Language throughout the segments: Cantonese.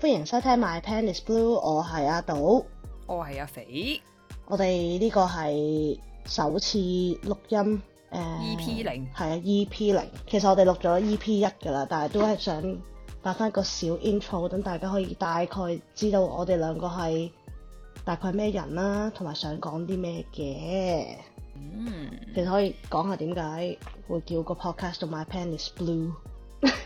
歡迎收聽 My Pen Is Blue，我係阿杜，我係阿肥，我哋呢個係首次錄音，誒，E P 零，係啊，E P 零，其實我哋錄咗 E P 一噶啦，但係都係想擺翻個小 intro，等大家可以大概知道我哋兩個係大概咩人啦、啊，同埋想講啲咩嘅，嗯，其實可以講下點解會叫個 podcast 到 My Pen Is Blue。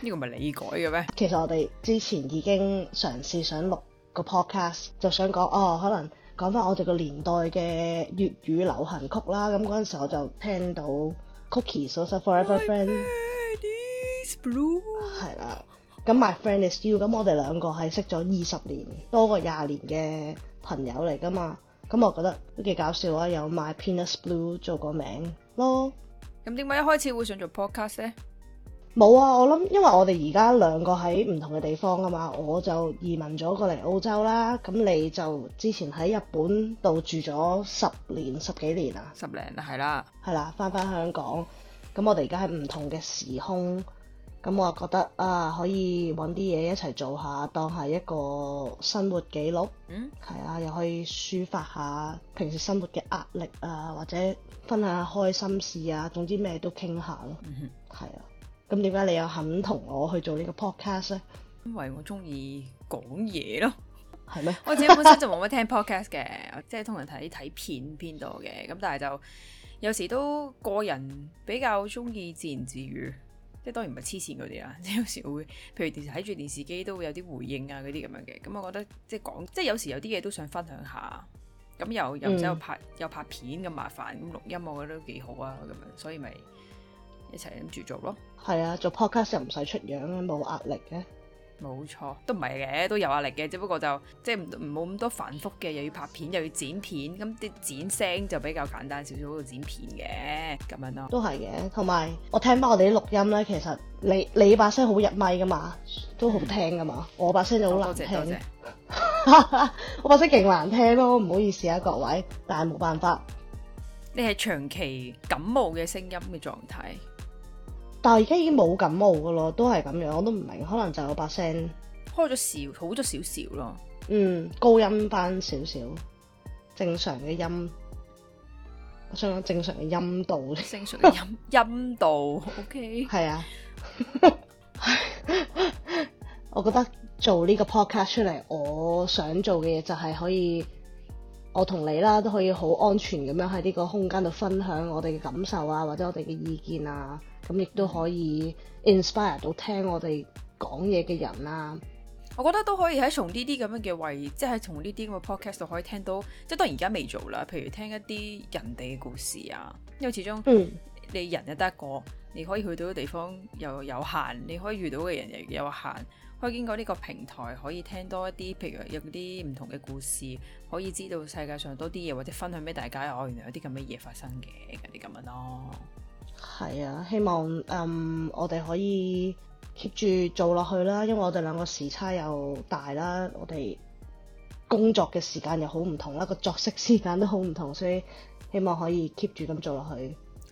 呢個咪你改嘅咩？ 其實我哋之前已經嘗試想錄個 podcast，就想講哦，可能講翻我哋個年代嘅粵語流行曲啦。咁嗰陣時我就聽到 Cookies, My o、so, so、Forever Friend, friend blue.》，Blue，係啦。咁 My Friend is You，咁我哋兩個係識咗二十年多過廿年嘅朋友嚟㗎嘛？咁我覺得都幾搞笑啊！有 My Pen is Blue 做個名咯。咁點解一開始會想做 podcast 咧？冇啊！我諗，因為我哋而家兩個喺唔同嘅地方啊嘛，我就移民咗過嚟澳洲啦。咁你就之前喺日本度住咗十年十幾年啦，十年啦，十年？啦係啦，係啦，翻翻香港。咁我哋而家喺唔同嘅時空，咁我啊覺得啊可以搵啲嘢一齊做下，當係一個生活記錄。嗯，係啊，又可以抒發下平時生活嘅壓力啊，或者分享下開心事啊，總之咩都傾下咯。嗯哼，係啊。咁點解你又肯同我去做個呢個 podcast 咧？因為我中意講嘢咯，係咩是嗎？ 我自己本身就冇乜聽 podcast 嘅，即係通常睇睇片偏多嘅。咁但係就有時都個人比較中意自言自語，即係當然唔係黐綫嗰啲啊。即係有時會，譬如電睇住電視機都會有啲回應啊，嗰啲咁樣嘅。咁我覺得即係講，即係有時有啲嘢都想分享下。咁又又唔使又拍、嗯、又拍片咁麻煩，咁錄音我覺得都幾好啊。咁樣所以咪。一齊諗住做咯，係啊，做 podcast 又唔使出樣咧，冇壓力嘅，冇錯，都唔係嘅，都有壓力嘅，只不過就即係唔唔冇咁多繁複嘅，又要拍片，又要剪片，咁、嗯、啲剪聲就比較簡單少少，嗰度剪片嘅咁樣咯，都係嘅，同埋我聽翻我哋啲錄音咧，其實你你把聲好入咪噶嘛，都好聽噶嘛，我把聲就好難聽，謝謝謝謝 我把聲勁難聽咯，唔好意思啊各位，但係冇辦法，你係長期感冒嘅聲音嘅狀態。但係而家已經冇感冒噶咯，都係咁樣，我都唔明，可能就有把聲開咗少，好咗少少咯。嗯，高音翻少少，正常嘅音，我想講正常嘅音度，正常嘅音 音度。OK，係啊。 我覺得做呢個 Podcast 出嚟，我想做嘅嘢就係可以。我同你啦都可以好安全咁樣喺呢個空間度分享我哋嘅感受啊，或者我哋嘅意見啊，咁亦都可以 inspire 到聽我哋講嘢嘅人啦。我覺得都可以喺從呢啲咁樣嘅位，即係從呢啲咁嘅 podcast 度可以聽到，即係當然而家未做啦。譬如聽一啲人哋嘅故事啊，因為始終你人就得一個，你可以去到嘅地方又有限，你可以遇到嘅人又有限。可以經過呢個平台，可以聽多一啲，譬如有啲唔同嘅故事，可以知道世界上多啲嘢，或者分享俾大家。哦，原來有啲咁嘅嘢發生嘅，嗰啲咁樣咯。係啊，希望嗯我哋可以 keep 住做落去啦。因為我哋兩個時差又大啦，我哋工作嘅時間又好唔同啦，個作息時間都好唔同，所以希望可以 keep 住咁做落去。